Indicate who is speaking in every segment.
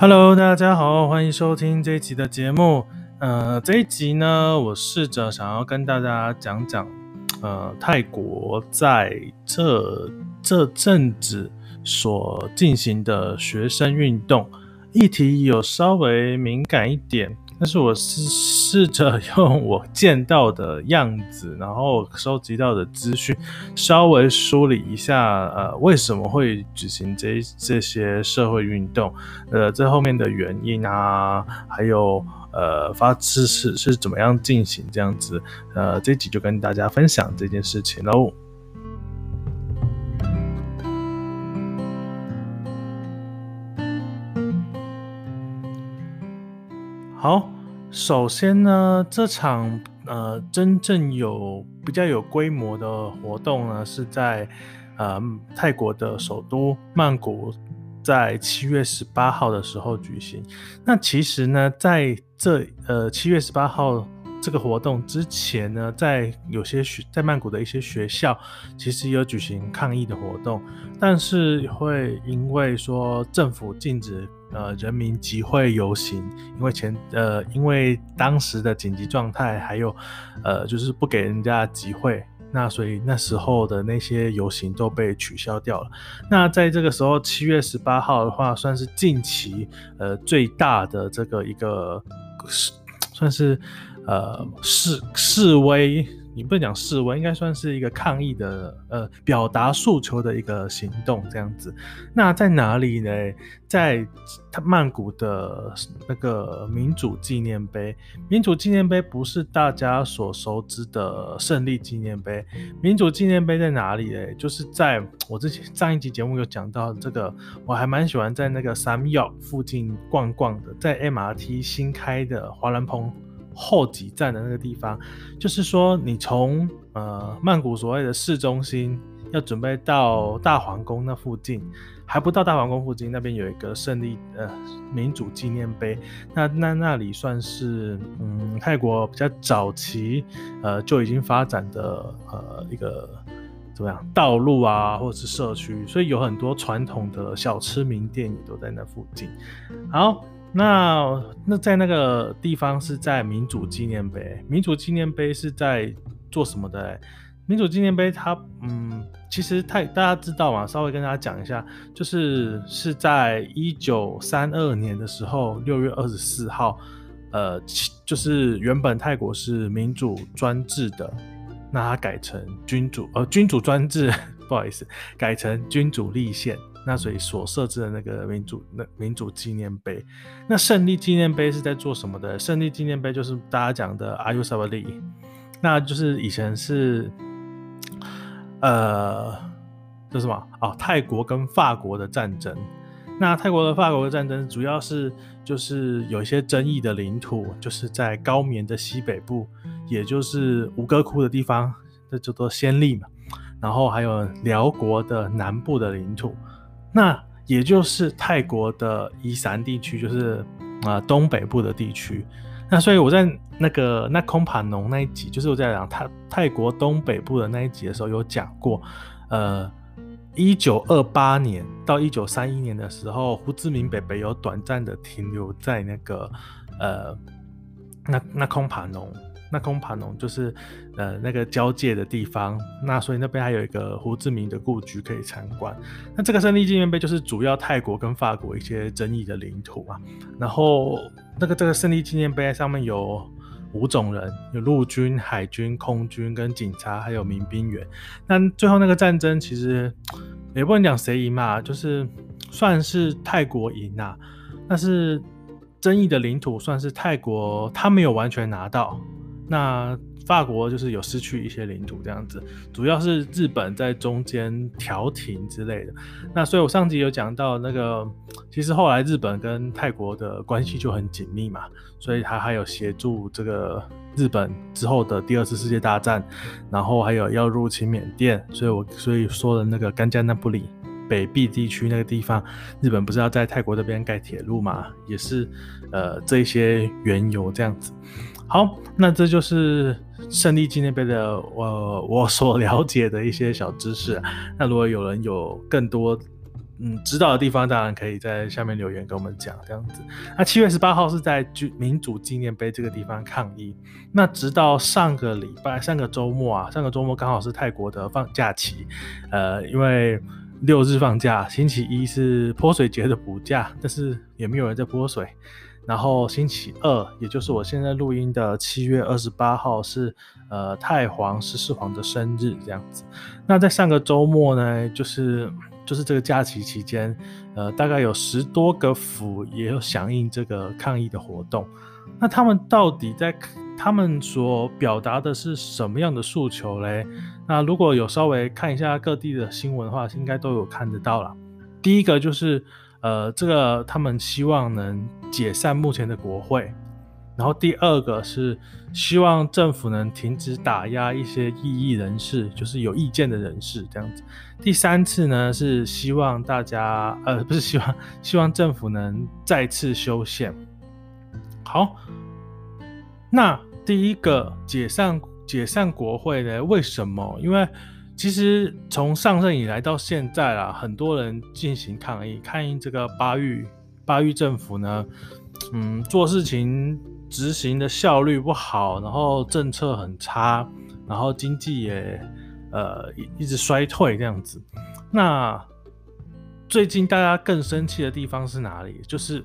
Speaker 1: Hello，大家好，歡迎收聽這一集的節目。呃，這一集呢，我試着想要跟大家講講，呃，泰國在這這陣子所進行的學生運動，議題有稍微敏感一點。但是我是試着用我見到的樣子，然後收集到的資訊，稍微梳理一下，呃，為什麼會舉行這這些社會運動，呃，這後面的原因啊，還有呃，發誓誓是怎麼樣進行這樣子，呃，這集就跟大家分享這件事情嘍。好，哦，首先呢，這場呃真正有比較有規模的活動呢，是在呃泰國的首都曼谷，在七月十八號的時候舉行。那其實呢，在這呃七月十八號這個活動之前呢，在有些學在曼谷的一些學校，其實有舉行抗議的活動，但是會因為說政府禁止。呃，人民集會遊行，因為前呃，因為當時的緊急狀態，還有，呃，就是不給人家集會，那所以那時候的那些遊行都被取消掉了。那在這個時候，七月十八號的話，算是近期呃最大的這個一個示，算是呃示示威。你不能講示威，應該算是一個抗議的，呃，表達訴求的一個行動這樣子。那在哪裡呢？在曼谷的那個民主紀念碑。民主紀念碑不是大家所熟知的勝利紀念碑。民主紀念碑在哪裡呢？就是在我之前上一集節目有講到這個，我還蠻喜歡在那個 Sam Yot 附近逛逛的，在 MRT 新開的華蘭蓬。後幾站的那個地方，就是說你從呃曼谷所謂的市中心，要準備到大皇宮那附近，還不到大皇宮附近，那邊有一個勝利呃民主紀念碑，那那那裡算是嗯泰國比較早期呃就已經發展的呃一個怎麼樣道路啊或者是社區，所以有很多傳統的小吃名店也都在那附近。好。那那在那個地方是在民主紀念碑，民主紀念碑是在做什麼的？民主紀念碑它嗯，其實泰，大家知道嘛？稍微跟大家講一下，就是是在一九三二年的時候，六月二十四號，呃，就是原本泰國是民主專制的，那它改成君主呃君主專制，不好意思，改成君主立憲。那所以所設置的那個民主，那民主紀念碑，那勝利紀念碑是在做什麼的？勝利紀念碑就是大家講的阿育薩布里，那就是以前是，呃，叫、就是、什麼啊、哦？泰國跟法國的戰爭。那泰國和法國的戰爭主要是就是有一些爭議的領土，就是在高棉的西北部，也就是吳哥窟的地方，這叫做暹粒嘛。然後還有寮國的南部的領土。那也就是泰國的伊善地區，就是啊、呃、東北部的地區。那所以我在那個那空帕農那一集，就是我在講泰泰國東北部的那一集的時候，有講過，呃，一九二八年到一九三一年的時候，胡志明伯伯有短暫的停留在那個呃那那空帕農。那空盤龍、喔、就是，呃，那個交界的地方。那所以那邊還有一個胡志明的故居可以參觀。那這個勝利紀念碑就是主要泰國跟法國一些爭議的領土啊，然後那個這個勝利紀念碑上面有五種人，有陸軍、海軍、空軍跟警察，還有民兵員。那最後那個戰爭其實也不能講誰贏嘛，就是算是泰國贏啦、啊。但是爭議的領土算是泰國，他沒有完全拿到。那法國就是有失去一些領土這樣子，主要是日本在中間調停之類的。那所以我上集有講到那個，其實後來日本跟泰國的關係就很緊密嘛，所以他還有協助這個日本之後的第二次世界大戰，然後還有要入侵緬甸，所以我所以說的那個甘加那布里北碧地區那個地方，日本不是要在泰國這邊蓋鐵路嘛，也是呃這些緣由這樣子。好，那這就是勝利紀念碑的我我所了解的一些小知識啊。那如果有人有更多嗯指導的地方，當然可以在下面留言跟我們講。這樣子，那七月十八號是在民主紀念碑這個地方抗議。那直到上個禮拜、上個周末啊，上個周末剛好是泰國的放假期，呃，因為六日放假，星期一是潑水節的補假，但是也沒有人在潑水。然後星期二，也就是我現在錄音的七月二十八號是，是呃泰皇十四皇的生日這樣子。那在上個周末呢，就是就是這個假期期間，呃，大概有十多個府也有響應這個抗議的活動。那他們到底在他們所表達的是什麼樣的訴求嘞？那如果有稍微看一下各地的新聞的話，應該都有看得到啦。第一個就是。呃，這個他們希望能解散目前的國會，然後第二個是希望政府能停止打壓一些異議人士，就是有意見的人士這樣子。第三次呢是希望大家，呃，不是希望，希望政府能再次修憲。好，那第一個解散解散國會呢？為什麼？因為。其實從上任以來到現在啊，很多人進行抗議，抗議這個巴育，巴育政府呢，嗯，做事情執行的效率不好，然後政策很差，然後經濟也呃一直衰退這樣子。那最近大家更生氣的地方是哪裡？就是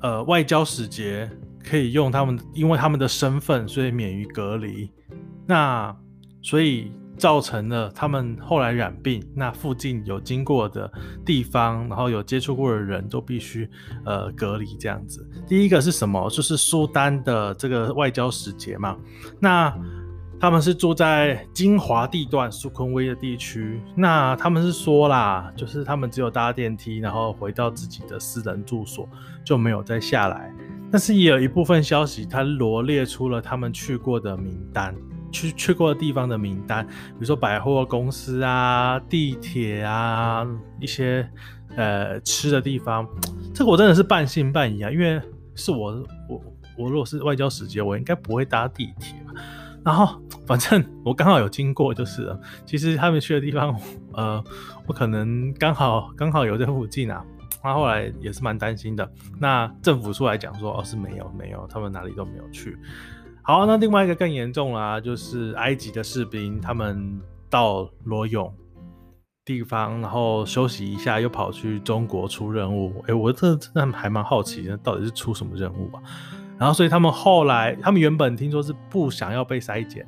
Speaker 1: 呃外交使節可以用他們，因為他們的身份，所以免於隔離。那所以造成了他們後來染病。那附近有經過的地方，然後有接觸過的人都必須呃隔離這樣子。第一個是什麼？就是蘇丹的這個外交使節嘛。那他們是住在精華地段蘇坤威的地區。那他們是說啦，就是他們只有搭電梯，然後回到自己的私人住所，就沒有再下來。但是也有一部分消息，他羅列出了他們去過的名單。去去過的地方的名單，比如說百貨公司啊、地鐵啊、一些呃吃的地方，這個我真的是半信半疑啊，因為是我我我如果是外交使節，我應該不會搭地鐵。然後反正我剛好有經過，就是了其實他們去的地方，呃，我可能剛好剛好有在附近啊。然後、啊、後來也是蠻擔心的，那政府出來講說，哦，是沒有沒有，他們哪裡都沒有去。好，那另外一個更嚴重啦，啊，就是埃及的士兵，他們到羅勇地方，然後休息一下，又跑去中國出任務。哎，欸，我這真的還蠻好奇，到底是出什麼任務啊？然後，所以他們後來，他們原本聽說是不想要被篩檢，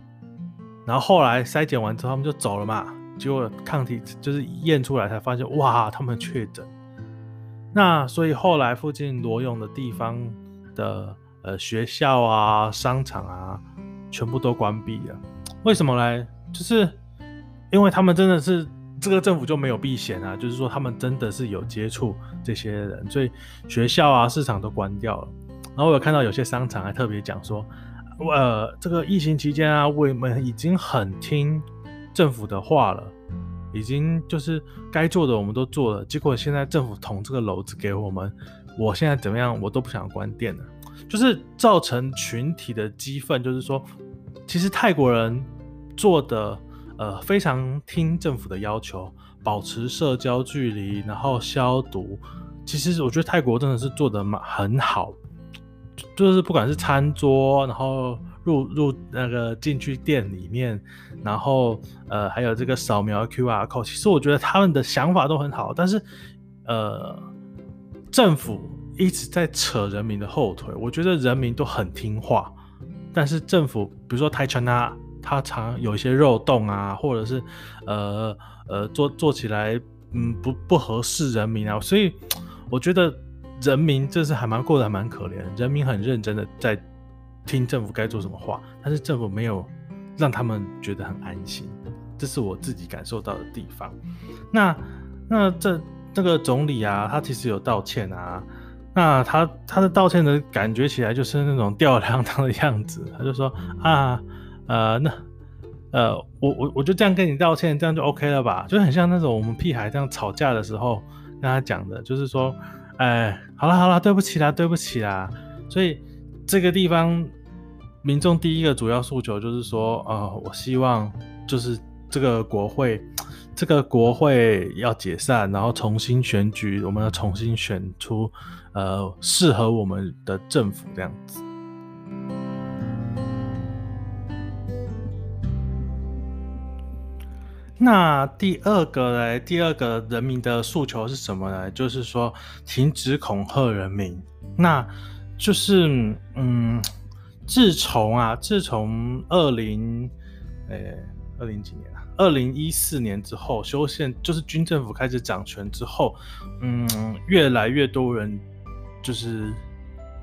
Speaker 1: 然後後來篩檢完之後，他們就走了嘛。結果抗體就是驗出來，才發現哇，他們確診。那所以後來附近羅勇的地方的。呃，學校啊，商場啊，全部都關閉了。為什麼呢？就是因為他們真的是這個政府就沒有避嫌啊，就是說他們真的是有接觸這些人，所以學校啊、市場都關掉了。然後我有看到有些商場還特別講說，呃，這個疫情期間啊，我們已經很聽政府的話了，已經就是該做的我們都做了，結果現在政府捅這個簍子給我們，我現在怎麼樣，我都不想關店了。就是造成群體的激憤，就是說，其實泰國人做的呃非常聽政府的要求，保持社交距離，然後消毒。其實我覺得泰國真的是做的蠻很好，就是不管是餐桌，然後入入那個進去店裡面，然後呃還有這個掃描 QR code。其實我覺得他們的想法都很好，但是呃政府一直在扯人民的後腿，我覺得人民都很聽話，但是政府比如說台拳啊，他常有一些漏洞啊，或者是，呃呃，做做起來嗯不不合適人民啊，所以我覺得人民這是還蠻過得還蠻可憐，人民很認真的在聽政府該做什麼話，但是政府沒有讓他們覺得很安心，這是我自己感受到的地方。那那這這個總理啊，他其實有道歉啊。那他他的道歉的感覺起來就是那種吊兒郎當的樣子，他就說啊，呃，那呃，我我我就這樣跟你道歉，這樣就 OK 了吧？就很像那種我們屁孩這樣吵架的時候跟他講的，就是說，哎、欸，好啦好啦，對不起啦，對不起啦。所以這個地方民眾第一個主要訴求就是說，呃，我希望就是這個國會。這個國會要解散，然後重新選舉，我們要重新選出，呃，適合我們的政府這樣子。嗯、那第二個呢？第二個人民的訴求是什麼呢？就是說，停止恐嚇人民。那就是，嗯，自從啊，自從二零、哎，呃，二零幾年。二零一四年之後修，修憲就是軍政府開始掌權之後，嗯，越來越多人就是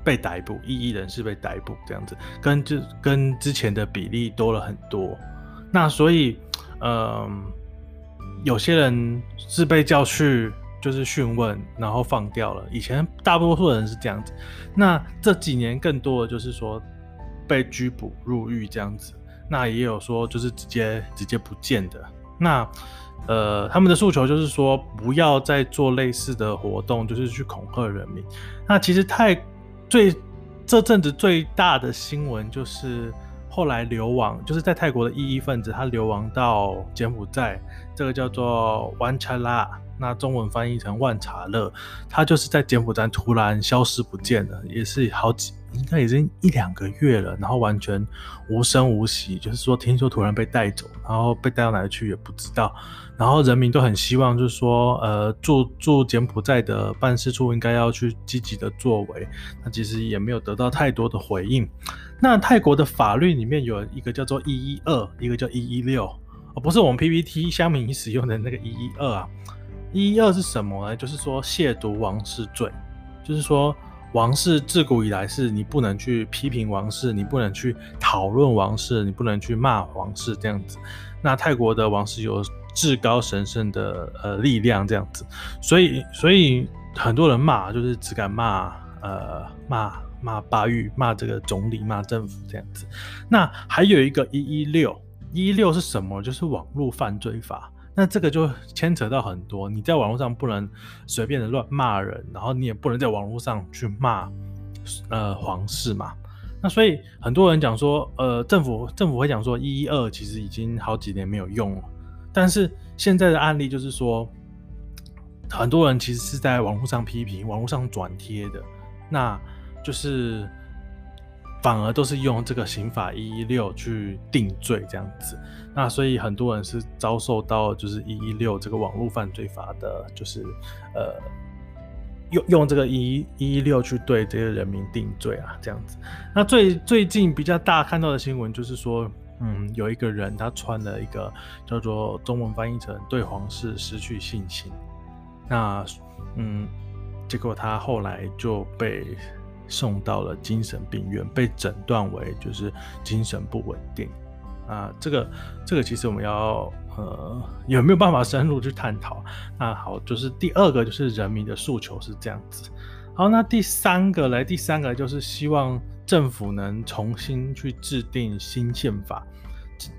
Speaker 1: 被逮捕，異議人士被逮捕這樣子，跟就跟之前的比例多了很多。那所以，嗯、呃，有些人是被叫去就是訊問，然後放掉了。以前大多數人是這樣子，那這幾年更多的就是說被拘捕入獄這樣子。那也有說，就是直接直接不見的。那，呃，他們的訴求就是說，不要再做類似的活動，就是去恐嚇人民。那其實泰最這陣子最大的新聞，就是後來流亡，就是在泰國的異議分子，他流亡到柬埔寨，這個叫做萬查拉，那中文翻譯成萬查勒，他就是在柬埔寨突然消失不見了，也是好幾。應該已經一兩個月了，然後完全無聲無息，就是說聽說突然被帶走，然後被帶到哪裡去也不知道，然後人民都很希望，就是說呃駐駐柬埔寨的辦事處應該要去積極的作為，那其實也沒有得到太多的回應。那泰國的法律裡面有一個叫做一一二，一個叫一一六，啊不是我們 PPT 鄉民使用的那個一一二啊，一一二是什麼呢？就是說褻瀆王室罪，就是說。王室自古以來是你不能去批評王室，你不能去討論王室，你不能去罵王室這樣子。那泰國的王室有至高神聖的呃力量這樣子，所以所以很多人罵就是只敢罵呃罵罵巴育罵這個總理罵政府這樣子。那還有一個116，116是什麼？就是網絡犯罪法。那這個就牽扯到很多，你在網絡上不能隨便的亂罵人，然後你也不能在網絡上去罵，呃，皇室嘛。那所以很多人講說，呃，政府政府會講說，一一二其實已經好幾年沒有用了。但是現在的案例就是說，很多人其實是在網絡上批評、網絡上轉貼的，那就是。反而都是用這個刑法一一六去定罪這樣子，那所以很多人是遭受到就是一一六這個網絡犯罪法的，就是呃用用這個一一六去對這些人民定罪啊這樣子。那最最近比較大看到的新聞就是說，嗯，有一個人他穿了一個叫做中文翻譯成對皇室失去信心，那嗯，結果他後來就被。送到了精神病院，被診斷為就是精神不穩定。啊，這個這個其實我們要呃，有沒有辦法深入去探討？那好，就是第二個就是人民的訴求是這樣子。好，那第三個來，第三個就是希望政府能重新去制定新憲法。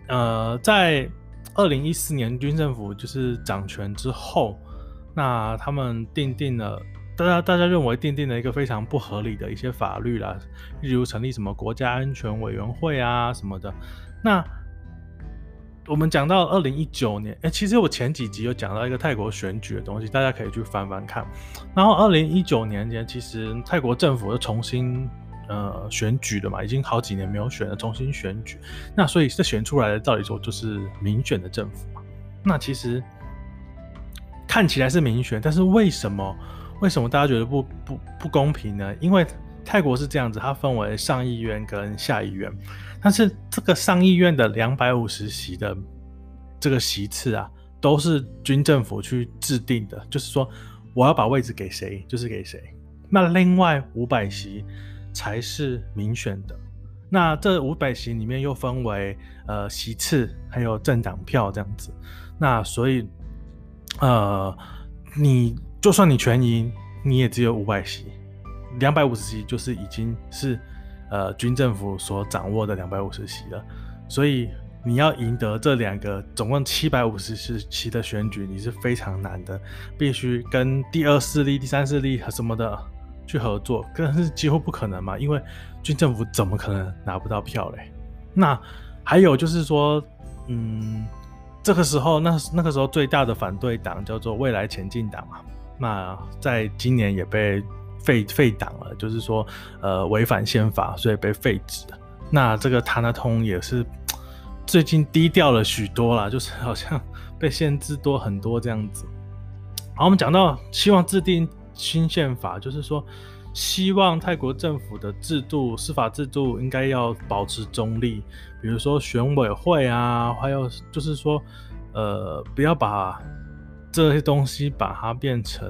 Speaker 1: 呃，在二零一四年軍政府就是掌權之後，那他們訂定了。大家大家認為奠定，定了一個非常不合理的一些法律啦，例如成立什麼國家安全委員會啊什麼的。那我們講到二零一九年，哎、欸，其實我前幾集有講到一個泰國選舉的東西，大家可以去翻翻看。然後二零一九年間，其實泰國政府又重新呃選舉了嘛，已經好幾年沒有選了，重新選舉。那所以這選出來的，照理說就是民選的政府嘛。那其實看起來是民選，但是為什麼？為什麼大家覺得不不不公平呢？因為泰國是這樣子，它分為上議院跟下議院，但是這個上議院的兩百五十席的這個席次啊，都是軍政府去制定的，就是說我要把位置給誰，就是給誰。那另外五百席才是民選的。那這五百席裡面又分為呃席次還有政黨票這樣子。那所以呃你。就算你全贏，你也只有五百席，兩百五十席就是已經是呃軍政府所掌握的兩百五十席了。所以你要贏得這兩個總共七百五十席的選舉，你是非常難的，必須跟第二勢力、第三勢力和什麼的去合作，更是幾乎不可能嘛。因為軍政府怎麼可能拿不到票嘞？那還有就是說，嗯，這個時候那那個時候最大的反對黨叫做未來前進黨嘛、啊。那在今年也被廢廢黨了，就是說，呃，違反憲法，所以被廢止了。那這個塔納通也是最近低調了許多啦，就是好像被限制多很多這樣子。好，我們講到希望制定新憲法，就是說，希望泰國政府的制度、司法制度應該要保持中立，比如說選委會啊，還有就是說，呃，不要把。這些東西把它變成，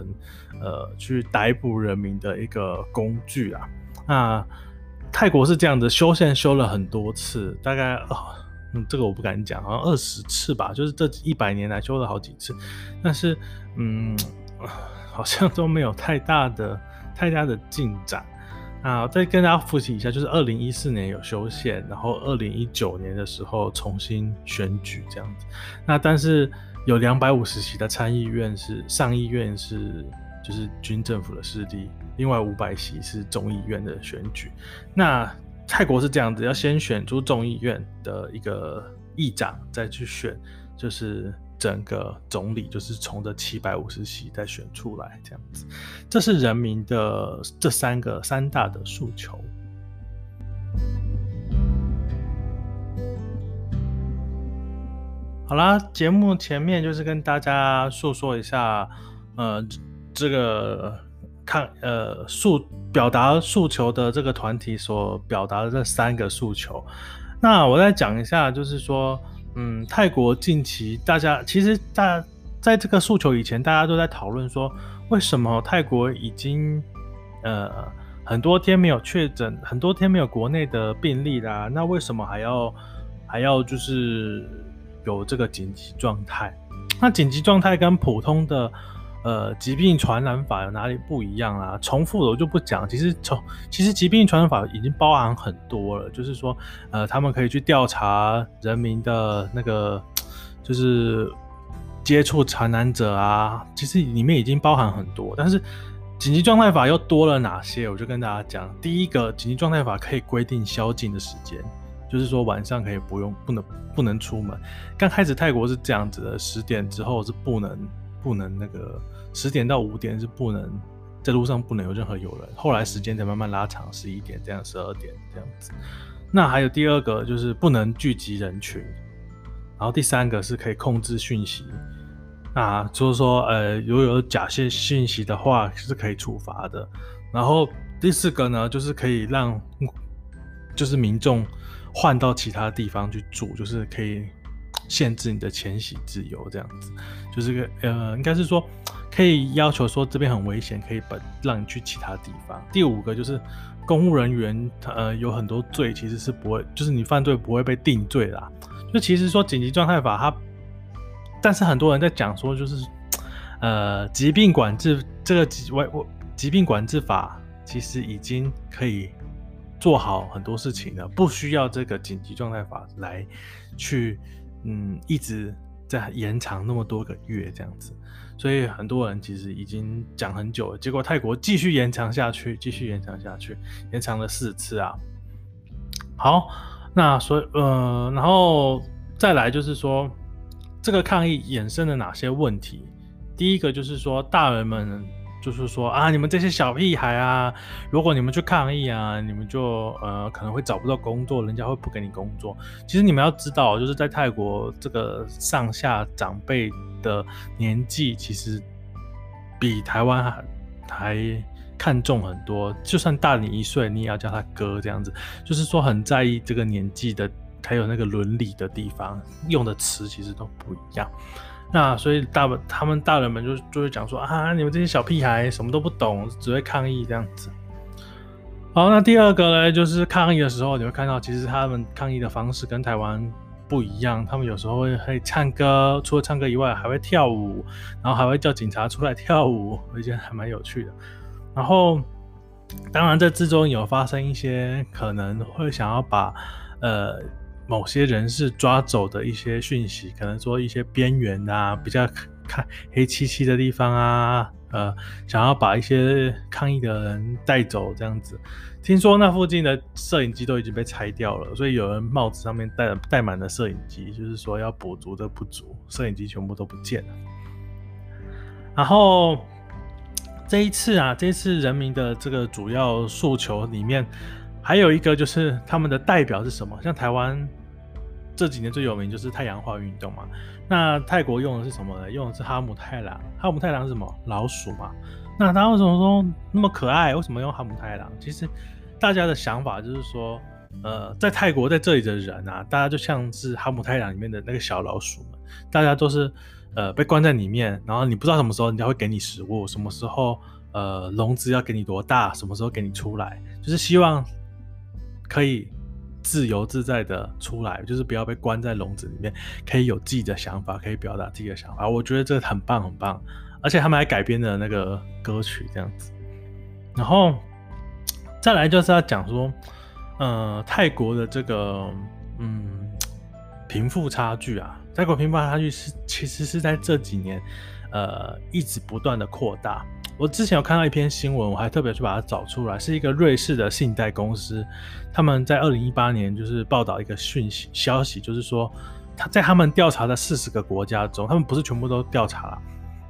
Speaker 1: 呃，去逮捕人民的一個工具啊。那、啊、泰國是這樣的，修憲修了很多次，大概、呃、嗯，這個我不敢講，好像二十次吧，就是這一百年來修了好幾次，但是嗯，好像都沒有太大的太大的進展。那、啊、再跟大家復習一下，就是二零一四年有修憲，然後二零一九年的時候重新選舉這樣子。那但是。有兩百五十席的參議院是上議院，是就是軍政府的勢力；另外五百席是眾議院的選舉。那泰國是這樣子，要先選出眾議院的一個議長，再去選就是整個總理，就是從這七百五十席再選出來這樣子。這是人民的這三個三大的訴求。好啦，節目前面就是跟大家訴說一下，呃，這個看，呃訴表達訴求的這個團體所表達的這三個訴求。那我再講一下，就是說，嗯，泰國近期大家其實大在，在這個訴求以前，大家都在討論說，為什麼泰國已經呃很多天沒有確診，很多天沒有國內的病例啦？那為什麼還要還要就是？有這個緊急狀態，那緊急狀態跟普通的呃疾病傳染法有哪裡不一樣啊？重複的我就不講。其實從其實疾病傳染法已經包含很多了，就是說呃他們可以去調查人民的那個就是接觸傳染者啊。其實裡面已經包含很多，但是緊急狀態法又多了哪些？我就跟大家講，第一個緊急狀態法可以規定宵禁的時間。就是說晚上可以不用不能不能出門。剛開始泰國是這樣子的，十點之後是不能不能那個，十點到五點是不能在路上不能有任何遊人。後來時間才慢慢拉長，十一點這樣，十二點這樣子。那還有第二個就是不能聚集人群，然後第三個是可以控制訊息，啊，就是說呃，如果有假訊息的話是可以處罰的。然後第四個呢就是可以讓就是民眾。換到其他地方去住，就是可以限制你的遷徙自由，這樣子，就是個呃，應該是說可以要求說這邊很危險，可以把讓你去其他地方。第五個就是公務人員，呃，有很多罪其實是不會，就是你犯罪不會被定罪啦。就其實說緊急狀態法，它，但是很多人在講說，就是呃，疾病管制這個疾，我，疾病管制法其實已經可以。做好很多事情的，不需要這個緊急狀態法來，去，嗯，一直在延長那麼多個月這樣子，所以很多人其實已經講很久了，結果泰國繼續延長下去，繼續延長下去，延長了四次啊。好，那所以，呃，然後再來就是說，這個抗議衍生了哪些問題？第一個就是說，大人們。就是說啊，你們這些小屁孩啊，如果你們去抗議啊，你們就呃可能會找不到工作，人家會不給你工作。其實你們要知道，就是在泰國這個上下長輩的年紀，其實比台灣還台看重很多。就算大你一歲，你也要叫他哥這樣子。就是說很在意這個年紀的，還有那個倫理的地方，用的詞其實都不一樣。那所以大他們大人們就就會講說啊，你們這些小屁孩什麼都不懂，只會抗議這樣子。好，那第二個呢？就是抗議的時候，你會看到其實他們抗議的方式跟台灣不一樣，他們有時候會會唱歌，除了唱歌以外，還會跳舞，然後還會叫警察出來跳舞，我覺得還蠻有趣的。然後，當然在這之中有發生一些可能會想要把呃某些人士抓走的一些訊息，可能說一些邊緣啊，比較看黑漆漆的地方啊，呃，想要把一些抗議的人帶走這樣子。聽說那附近的攝影機都已經被拆掉了，所以有人帽子上面戴戴滿了攝影機，就是說要補足的不足，攝影機全部都不見了。然後這一次啊，這一次人民的這個主要訴求裡面。還有一個就是他們的代表是什麼？像台灣這幾年最有名就是太陽花運動嘛。那泰國用的是什麼呢？用的是哈姆太郎。哈姆太郎是什麼？老鼠嘛。那他為什麼說那麼可愛？為什麼用哈姆太郎？其實大家的想法就是說，呃，在泰國在這裡的人啊，大家就像是哈姆太郎裡面的那個小老鼠嘛。大家都是呃被關在裡面，然後你不知道什麼時候人家會給你食物，什麼時候呃籠子要給你多大，什麼時候給你出來，就是希望。可以自由自在的出來，就是不要被關在籠子裡面，可以有自己的想法，可以表達自己的想法，我覺得這很棒很棒。而且他們還改編的那個歌曲這樣子，然後再來就是要講說，嗯、呃，泰國的這個嗯貧富差距啊。泰國貧富差距是其實是在這幾年，呃，一直不斷的擴大。我之前有看到一篇新聞，我還特別去把它找出來，是一個瑞士的信貸公司，他們在二零一八年就是報道一個訊息消息，就是說他在他們調查的四十個國家中，他們不是全部都調查了，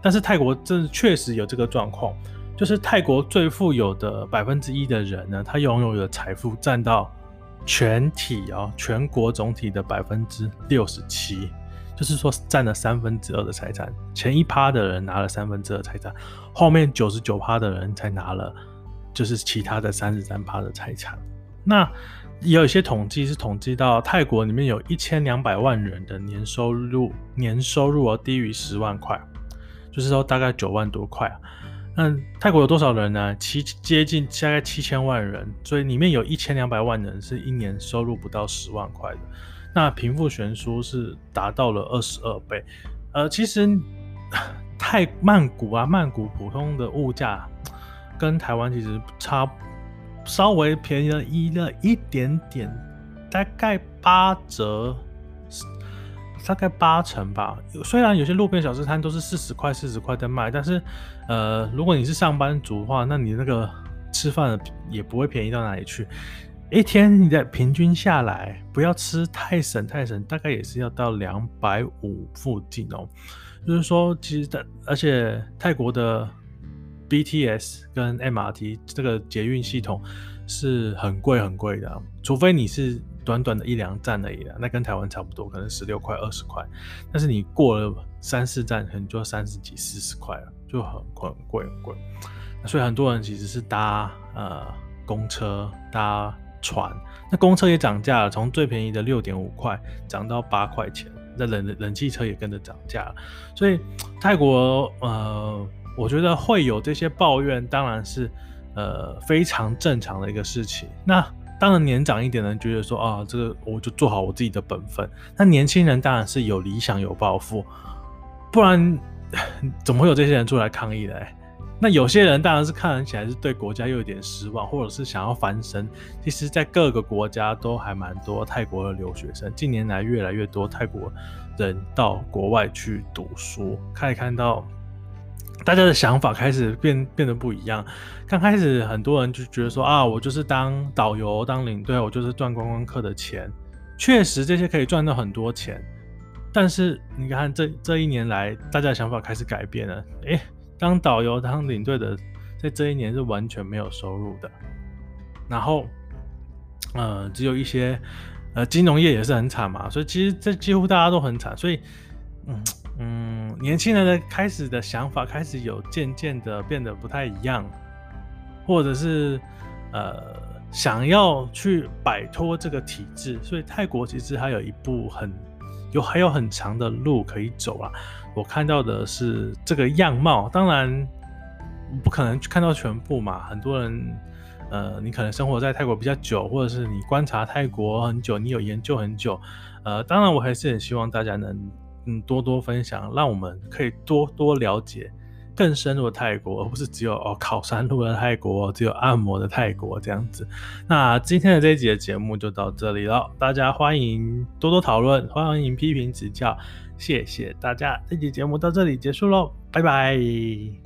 Speaker 1: 但是泰國這確實有這個狀況，就是泰國最富有的百分之一的人呢，他擁有的財富占到全體啊、哦、全國總體的百分之六十七。就是說，占了三分之二的財產，前一趴的人拿了三分之二財產，後面九十九趴的人才拿了，就是其他的三十三趴的財產。那也有一些統計是統計到泰國裡面有一千兩百萬人的年收入，年收入低於十萬塊，就是說大概九萬多塊啊。那泰國有多少人呢？七接近，近大概七千萬人，所以裡面有一千兩百萬人是一年收入不到十萬塊的。那貧富懸殊是達到了二十二倍，呃，其實泰曼谷啊，曼谷普通的物價跟台灣其實差稍微便宜了一了一點點，大概八折，大概八成吧。雖然有些路邊小吃攤都是四十塊四十塊在賣，但是呃，如果你是上班族的話，那你那個吃飯也不會便宜到哪裡去。一天你的平均下來，不要吃太省太省，大概也是要到兩百五附近哦。就是說，其實而且泰國的 BTS 跟 MRT 這個捷運系統是很貴很貴的啊，除非你是短短的一兩站而已啦，那跟台灣差不多，可能十六塊二十塊。但是你過了三四站，可能就要三十幾四十塊了，就很貴很貴很貴。所以很多人其實是搭呃公車搭，船，那公車也漲價了，從最便宜的六點五塊漲到八塊錢。那冷冷氣車也跟着漲價了，所以泰國呃，我覺得會有這些抱怨，當然是呃非常正常的一個事情。那當然年長一點的人覺得說啊，這個我就做好我自己的本分。那年輕人當然是有理想有抱負，不然怎麼會有這些人出來抗議呢？那有些人當然是看起來是對國家又有點失望，或者是想要翻身。其實，在各個國家都還蠻多泰國的留學生，近年來越來越多泰國人到國外去讀書，可以看到大家的想法開始變變得不一樣。剛開始很多人就覺得說啊，我就是當導遊、當領隊，我就是賺觀光客的錢。確實，這些可以賺到很多錢。但是，你看這這一年來，大家的想法開始改變了。誒、欸。當導遊、當領隊的，在這一年是完全沒有收入的。然後，呃，只有一些，呃，金融業也是很慘嘛，所以其實這幾乎大家都很慘。所以，嗯嗯，年輕人的開始的想法開始有漸漸的變得不太一樣，或者是呃，想要去擺脫這個體制。所以，泰國其實它有一部很。有還有很長的路可以走啊，我看到的是這個樣貌，當然不可能看到全部嘛。很多人，呃，你可能生活在泰國比較久，或者是你觀察泰國很久，你有研究很久，呃，當然我還是很希望大家能嗯多多分享，讓我們可以多多了解。更深入的泰國，而不是只有哦考山路的泰國，只有按摩的泰國這樣子。那今天的這一集的節目就到這裡了，大家歡迎多多討論，歡迎批評指教，謝謝大家。這集節目到這裡結束嘍，拜拜。